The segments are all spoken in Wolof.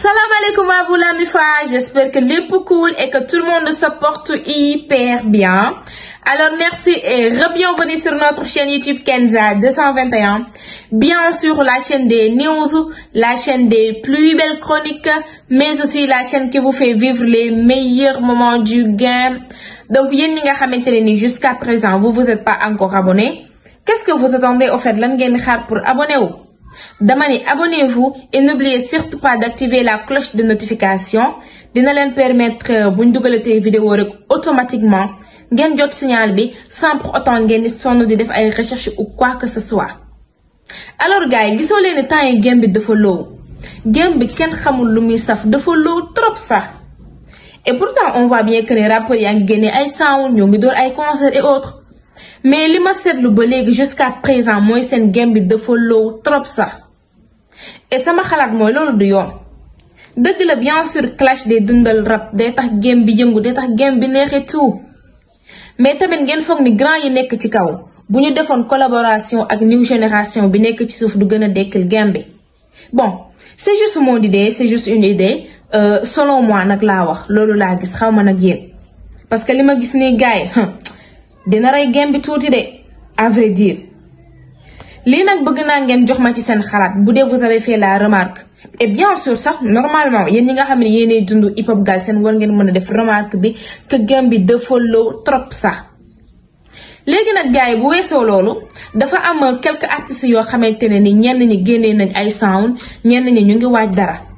Salam alaikum à vous la j'espère que les cool et que tout le monde se porte hyper bien. Alors merci et bienvenue sur notre chaîne YouTube Kenza 221. Bien sûr la chaîne des news, la chaîne des plus belles chroniques, mais aussi la chaîne qui vous fait vivre les meilleurs moments du game. Donc jusqu'à présent vous vous êtes pas encore abonné. Qu'est-ce que vous attendez au fait l'engagement pour abonner vous dama ni abonnez-vous et n'oubliez surtout pas d'activer la cloche de notification dina leen permettre euh, buñ dugalatee vidéo rek automatiquement ngeen jot signal bi sans pour autant ngeen di sonn di def ay recherche ou quoi que ce soit alors gars yi gisoo leen ni temps yi game bi dafa loow game bi kenn xamul lu muy saf dafa loow trop sax et pourtant on voit bien que ne rappeurs yaa ngi génnee ay sound ñoo ngi door ay concert et mais li ma seetlu ba léegi jusqu'à présent moy sen game bi dafa low trop sax et sama xalat moy lolu du yoon Deug la bien sûr clash des dundal rap day tax game bi yëngu day tax game bi neexee tout mais tamit ngeen foog ni grand yi nek ci kaw buñu defone collaboration ak new génération bi nek ci souf du gëna a game bi bon c'est juste mon idée c'est juste une idée Euh, selon moi nak la wax lolu la gis xawma nak yeen parce que lima gis ni gars yi hum, dina rey gem bi tuuti de à vrai lii nag bëgg naa ngeen jox ma ci seen xalaat bu dee vous avez fait la remarque et bien sax normalement yéen ñi nga xam ne yéenay dund hip hop Galsen war ngeen mën a def remarque bi que gem bi dafa low trop sax. léegi nag gars yi bu weesoo loolu dafa am quelques artistes yoo xamante ne ni ñenn ñi génnee nag ay sound ñenn ñi ñu ngi waaj dara.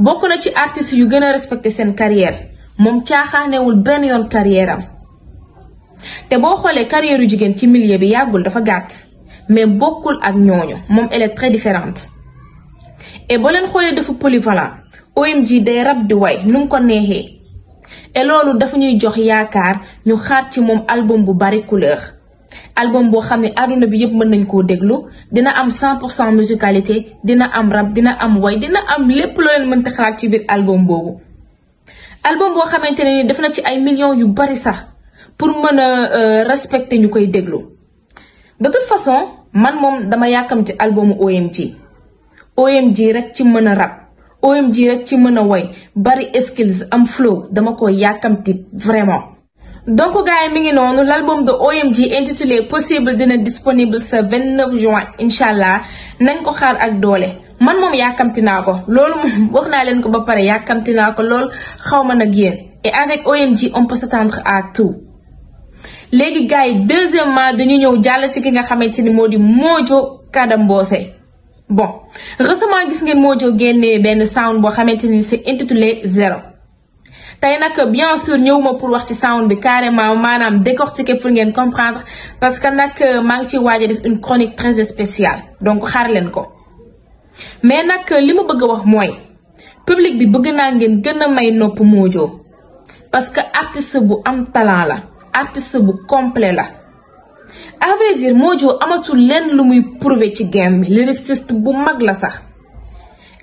bokk na ci artistes yu gën a respecté seen carrière moom caaxaanewul benn yoon carrière am te boo xoolee carrière yu jigéen ci milieu bi yàggul dafa gàtt mais bokkul ak ñooñu moom elle est très différente et boo leen xoolee dafa polyvalent ji day rab di way nu mu ko neexee et loolu dafa ñuy jox yaakaar ñu xaar ci moom album bu bari couleur album boo xam ne àdduna bi yëpp mën nañ koo déglu dina am 100 pour cent musicalité dina am rab dina am way dina am lépp loo leen mënta xalaat ci biir album boobu. album boo xamante ne ni def na ci ay millions yu bari sax pour mën a euh, respecter ñu koy déglu de toute façon man moom dama yàkkamti albumu OMG OMG rek ci mën a rap. OMG rek ci mën a woy bari skills am flow dama ko yàkkamti vraiment. donc gars yi l'album de OMG intitulé possible dina disponible ce 29 juin inshallah. allah nañ ko xaar ak doole man mom yakam naa ko loolu moom ko ba pare yakam naa lol xawma nak et avec OMG on peut s'attendre à tout léegi gars yi deuxièmement dañu ñew jall ci ki nga xamante modi moo di Mojo bon récemment gis ngeen Mojo genné ben sound bo xamante c'est intitulé zéro tey nag bien sûr ñëwuma pour wax ci sound bi carrément maanaam décortiquer pour ngeen comprendre parce que nag maa ngi ci waaj a def une chronique très spéciale donc xaar leen ko mais nag li ma bëgg a wax mooy public bi bëgg naa ngeen gën a may nopp Modio parce que artiste bu am talent la artiste bu complet la à vrai dire Modio amatul lenn lu muy prouver ci game bi lyriciste bu mag la sax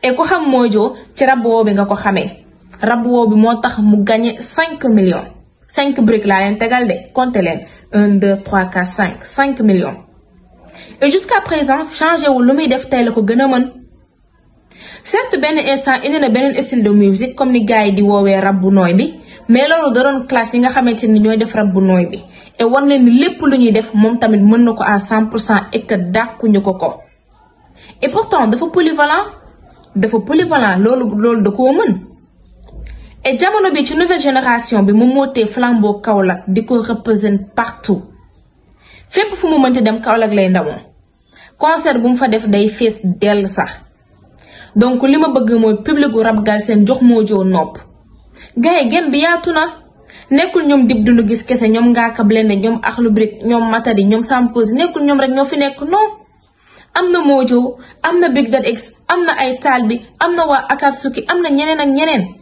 et ko xam Modio ci rab bi nga ko xamee rab woow bi moo tax mu gagné cinq millions cinq briques laa leen tegal de compter leen un deux trois quatre cinq cinq millions et jusqu'à présent changé wu lu muy def tey la ko gën a mën certes benn instant indi na beneen style de musique comme ni gars yi di woowee rab bu nooy bi mais loolu da doon clash yi nga xamante ni ñooy def rab bu nooy bi et wan leen lépp lu ñuy def moom tamit mën na ko à 100 pour cent et que dàkkuñu ko ko et pourtant dafa polyvalent loolu loolu da koo mën. et jamono bi ci nouvelle génération bi mu mootee flambeau Kaolack di ko représente partout fépp fu mu mënti dem Kaolack lay ndamoo concert bu mu fa def day fees dell sax donc li ma bëgg mooy public gu Rap seen jox moo nopp gars yi gen bi yaatu na nekkul ñoom dib dundu gis kese ñoom Ngaaka Blindé ñoom Akhlou Brick ñoom Matadi ñoom Sam Pose nekkul ñoom rek ñoo fi nekk non am na Mojo am na Big Dad X am na ay taal bi am na waa Akatsuki am na ñeneen ak ñeneen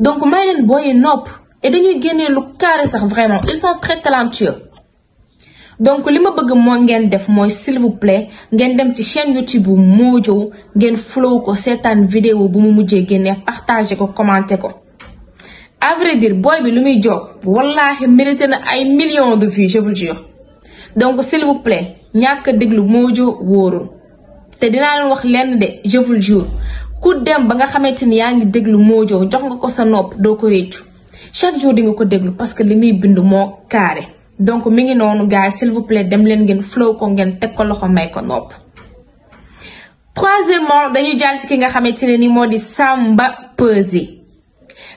donc may leen booyee nopp dañuy génnee lu carré sax vraiment ils sont très talentueux donc li ma bëgg moo ngeen def mooy s'il vous ngeen dem ci chaîne YouTube bu Mojo ngeen flow ko seetaan vidéo bu mu mujjee génnee partagé ko commenté ko à vrai dire booy bi lu muy job wallaahi mérité na ay millions de vues je donc s'il vous ñàkk a déglu Mojo wóorul te dinaa leen wax lenn de je vous ku dem ba nga xamante ni yaa ngi déglu Mojo jox nga ko sa nopp doo ko réccu chaque jour di nga ko déglu parce que li muy bind moo carré donc mi ngi noonu gars yi s'il dem leen ngeen flow ko ngeen teg ko loxo may ko nopp. troisièmement dañu jàll ki nga xamante ne ni moo di Samba Peuzzi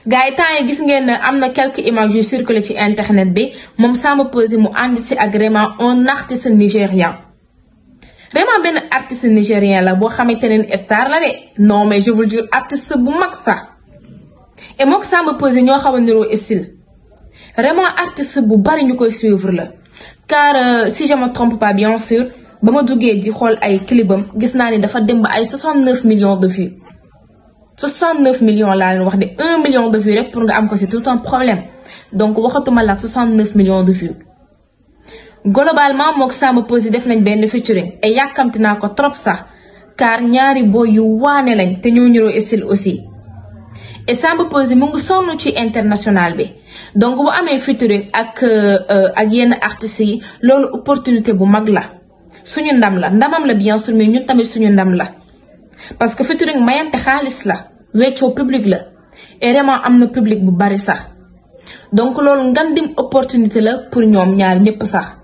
gars yi temps yi gis ngeen ne am na quelque images yu circulé ci internet bi moom Samba Peuzzi mu ànd ci agrément un artiste nigérian. vraiment benn artiste nigérien la boo xamante ne star la de non mais je veux dire artiste bu mag sax et mook Samba Peuzé ñoo xaw a niroo style vraiment artiste bu bari ñu koy suivre la car euh, si je me trompe bien sûr ba ma duggee di xool ay clipam gis naa ni dafa dem ba ay 69 millions de vues 69 millions laa leen wax de 1 million de vues rek pour nga am ko c'est tout un problème donc waxatuma la 69 million de vues. globalement mook Samba Peuzzi def nañ benn featuring et naa ko trop sax car ñaari bo yu waane lañ te ñoo ñëroo style aussi et Samba Peuzzi mu ngi sonn ci international bi donc bu amee featuring ak euh, ak yenn artistes yi loolu opportunité bu mag la suñu ndam la ndamam la bien sûr mais ñun tamit suñu ndam la parce que featuring mayante xaalis la weccoo public la et vraiment am na public bu bari sax donc loolu ngandim opportunité la pour ñoom ñaar ñëpp sax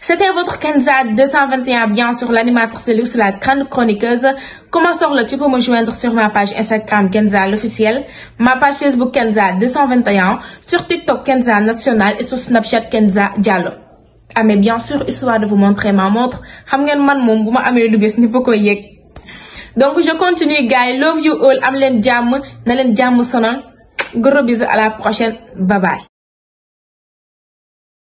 C'était votre Kenza 221, bien sur l'animatrice de luxe, la grande chroniqueuse. Comment sort le, tu peux me joindre sur ma page Instagram Kenza l'officiel, ma page Facebook Kenza 221, sur TikTok Kenza National et sur Snapchat Kenza Diallo. Ah mais bien sûr, histoire de vous montrer ma montre, donc je continue guys, love you all, amlen len jamm, na len Gros bisous à la prochaine. Bye bye.